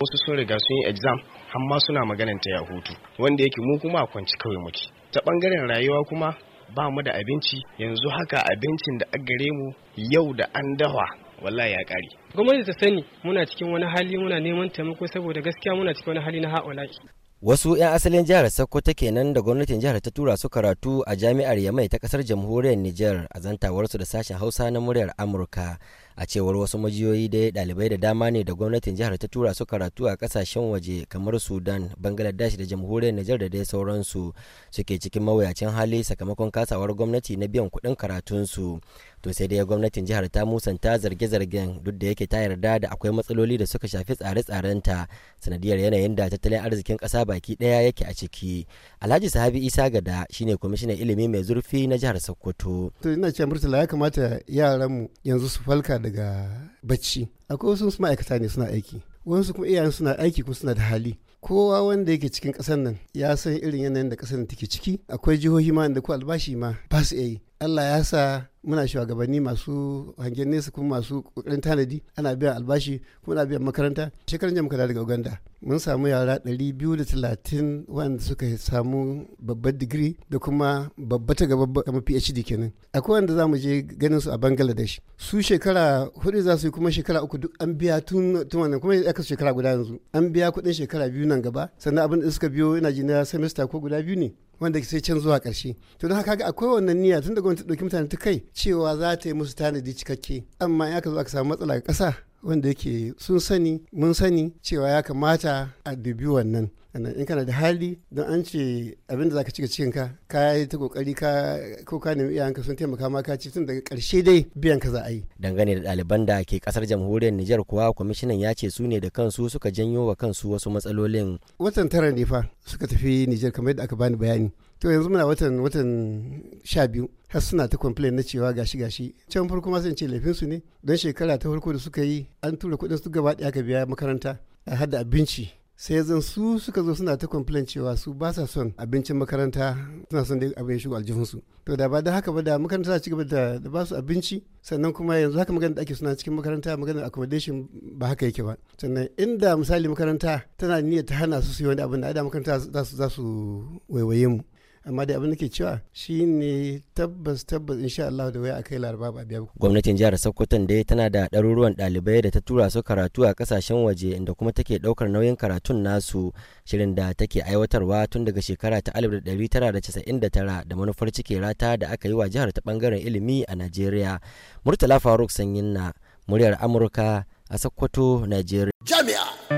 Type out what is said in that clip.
wasu sun riga sun yi exam amma suna maganan ta ya hutu wanda yake mu kuma a kwanci kawai muke ta bangaren rayuwa kuma ba mu da abinci yanzu haka abincin da a gare mu yau da an dawa wallahi ya kare gwamnati ta sani muna cikin wani hali muna neman taimako saboda gaskiya muna cikin wani hali na ha'ulaki wasu 'yan asalin jihar sokoto nan da gwamnatin jihar ta tura su karatu a jami'ar yamai ta kasar jamhuriyar niger a zantawarsu da sashen hausa na muryar amurka a cewar wasu majiyoyi da dalibai da dama ne da gwamnatin jihar ta tura su karatu a kasashen waje kamar sudan bangladesh da jamhuriyar nijar da dai sauransu suke cikin mawuyacin hali sakamakon kasawar gwamnati na biyan kuɗin karatunsu to sai dai gwamnatin jihar ta musanta zarge-zargen duk da yake ta yarda da akwai matsaloli da suka shafi tsare-tsarenta sanadiyar yanayin da tattalin arzikin ƙasa baki ɗaya yake a ciki alhaji sahabi isa gada shine kwamishinan ilimi mai zurfi na jihar sokoto to ina ce murtala ya kamata yaranmu yanzu su falka daga bacci akwai wasu ma'aikata ne suna aiki wasu kuma iyayen suna aiki kuma suna da hali kowa wanda yake cikin ƙasar nan ya san irin yanayin da ƙasar nan take ciki akwai jihohi ma da ko albashi ma ba su yi allah ya sa muna shugabanni masu hangen nesa kuma masu kokarin tanadi ana biyan albashi kuma ana biyan makaranta shekaran jam kada daga uganda mun samu yara 230 wanda suka samu babbar digiri da kuma babba ta gaba kamar phd kenan akwai wanda za mu je ganin su a bangladesh su shekara hudu za su yi kuma shekara uku duk an biya tun tun wannan kuma aka shekara guda yanzu an biya kuɗin shekara biyu nan gaba sannan abin da suka biyo ina jina na semester ko guda biyu ne wanda sai can zuwa ƙarshe to don haka ga akwai wannan niyya tun da gwamnati dauki mutane ta kai cewa za ta yi musu tanadi cikakke amma in aka zo aka samu matsala ga ƙasa wanda yake sun sani mun sani cewa ya kamata a dubi wannan in kana da hali don an ce abinda zaka cika cikin ka ka yi ta kokari ka ko ka nemi iyayenka sun taimaka ma ka ci tun daga karshe dai biyan ka za a yi dangane da ɗaliban da ke kasar jamhuriyar Nijar kuwa kwamishinan ya ce su ne da kansu suka janyo wa kansu wasu matsalolin watan tara ne fa suka tafi Nijar kamar yadda aka bani bayani to yanzu muna watan watan sha biyu har suna ta complain na cewa gashi gashi can farko ma sun ce laifinsu ne don shekara ta farko da suka yi an tura kuɗin su gaba ɗaya ka biya makaranta a hada abinci sai zan su suka zo suna ta complain cewa su ba sa son abincin makaranta suna son da abin shigo su to da ba da haka ba da makaranta ta cigaba da ba su abinci sannan kuma yanzu haka magana da ake suna cikin makaranta magana accommodation ba haka yake ba sannan inda misali makaranta tana niyyar ta hana su su yi wani abin da makaranta za su waiwaye mu amma da abin da ke cewa shine tabbas tabbas insha Allah da waya akai laraba ba biya gwamnatin jihar Sokoton dai tana da ɗaruruwan ɗalibai da ta tura su karatu a kasashen waje inda kuma take ɗaukar nauyin karatun nasu shirin da take aiwatarwa tun daga shekara ta 1999 da manufar cike rata da aka yi wa jihar ta bangaren ilimi a Najeriya Murtala Faruk Sanyin na muryar Amurka a Sokoto Najeriya jami'a